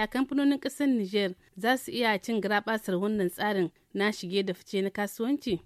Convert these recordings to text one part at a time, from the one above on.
yaya kamfanonin ƙasar Nijar za su iya cin garabasar wannan tsarin na shige da fice na kasuwanci?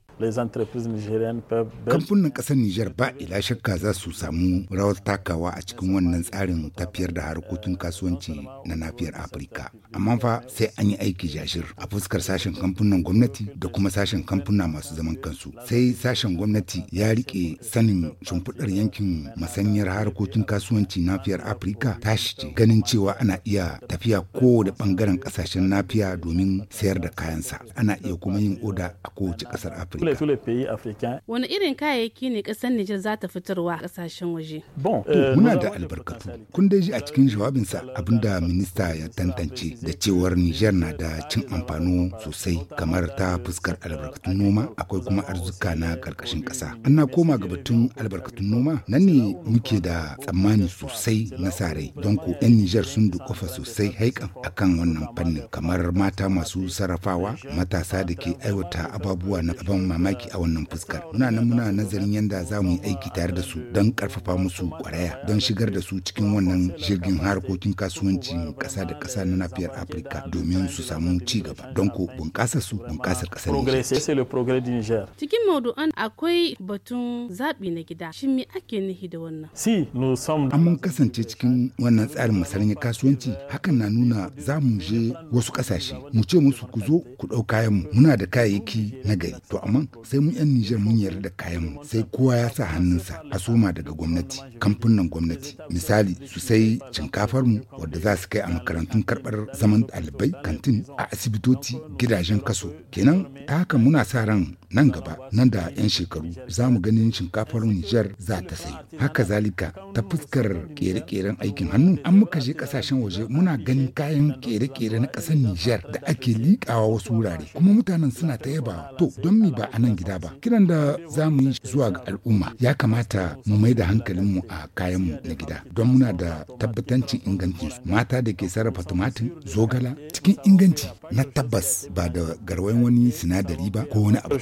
kamfunan ƙasar Nijar ba ila shakka za su samu rawar takawa a cikin wannan tsarin tafiyar da harkokin kasuwanci na nafiyar Afirka. Amma fa sai an yi aiki jashir a fuskar sashen kamfunan gwamnati da kuma sashen kamfuna masu zaman kansu. Sai sashen gwamnati ya rike sanin shimfiɗar yankin masanyar harkokin kasuwanci nafiyar Afirka tashi ce ganin cewa ana iya tafiya kowane ɓangaren ƙasashen nafiya domin sayar da kayansa. Ana iya kuma yin oda a kowace ƙasar Afirka. afirka Wani irin kayayyaki ne ƙasar Nijar za ta fitarwa a ƙasashen waje? Bon, to eh, muna da albarkatu. Kun dai ji a cikin jawabinsa abinda minista ya tantance da cewar Nijar na da cin amfano sosai kamar ta fuskar albarkatun noma akwai kuma arzuka na ƙarƙashin ƙasa. Ana koma ga batun albarkatun noma nan ne muke da tsammani sosai na sarai don ko 'yan Nijar sun dukufa sosai haikan akan wannan fannin kamar mata masu sarrafawa matasa da ke aiwata ababuwa na ban mamaki a wannan fuskar muna nan muna nazarin yadda za mu yi aiki tare da su don karfafa musu kwaraya don shigar da su cikin wannan jirgin harkokin kasuwancin kasa da kasa na nafiyar afirka domin su samu ci gaba don ko bunƙasar su bunƙasar ƙasar niger cikin maudu'an akwai batun zaɓi na gida shin me ake nufi da wannan si an mun kasance cikin wannan tsarin masaranya kasuwanci hakan na nuna za mu je wasu ƙasashe mu ce musu ku zo ku ɗau kayan mu muna da kayayyaki na gari to amma sai mun 'yan Nijar mun yarda da kayan sai kowa ya sa hannunsa a soma daga gwamnati, kamfunan gwamnati. Misali su sai shinkafar mu wadda za su kai a makarantun karɓar zaman ɗalibai kantin a asibitoci gidajen kaso. Kenan ta haka muna sa ran nan gaba nan da 'yan shekaru za mu ganin shinkafar Nijar za ta sayi. Haka zalika ta fuskar kere-keren aikin hannu an muka je kasashen waje muna ganin kayan kere-kere na ƙasar Nijar da ake likawa wasu wurare kuma mutanen suna ta yaba to don mi ba a nan gida ba. Kiran da za mu yi zuwa ga al'umma ya kamata mu mai da hankalinmu a kayanmu na gida don muna da tabbatancin ingancinsu. mata da ke sarrafa tumatin zogala cikin inganci na tabbas ba da garwayin wani sinadari ba ko wani abu.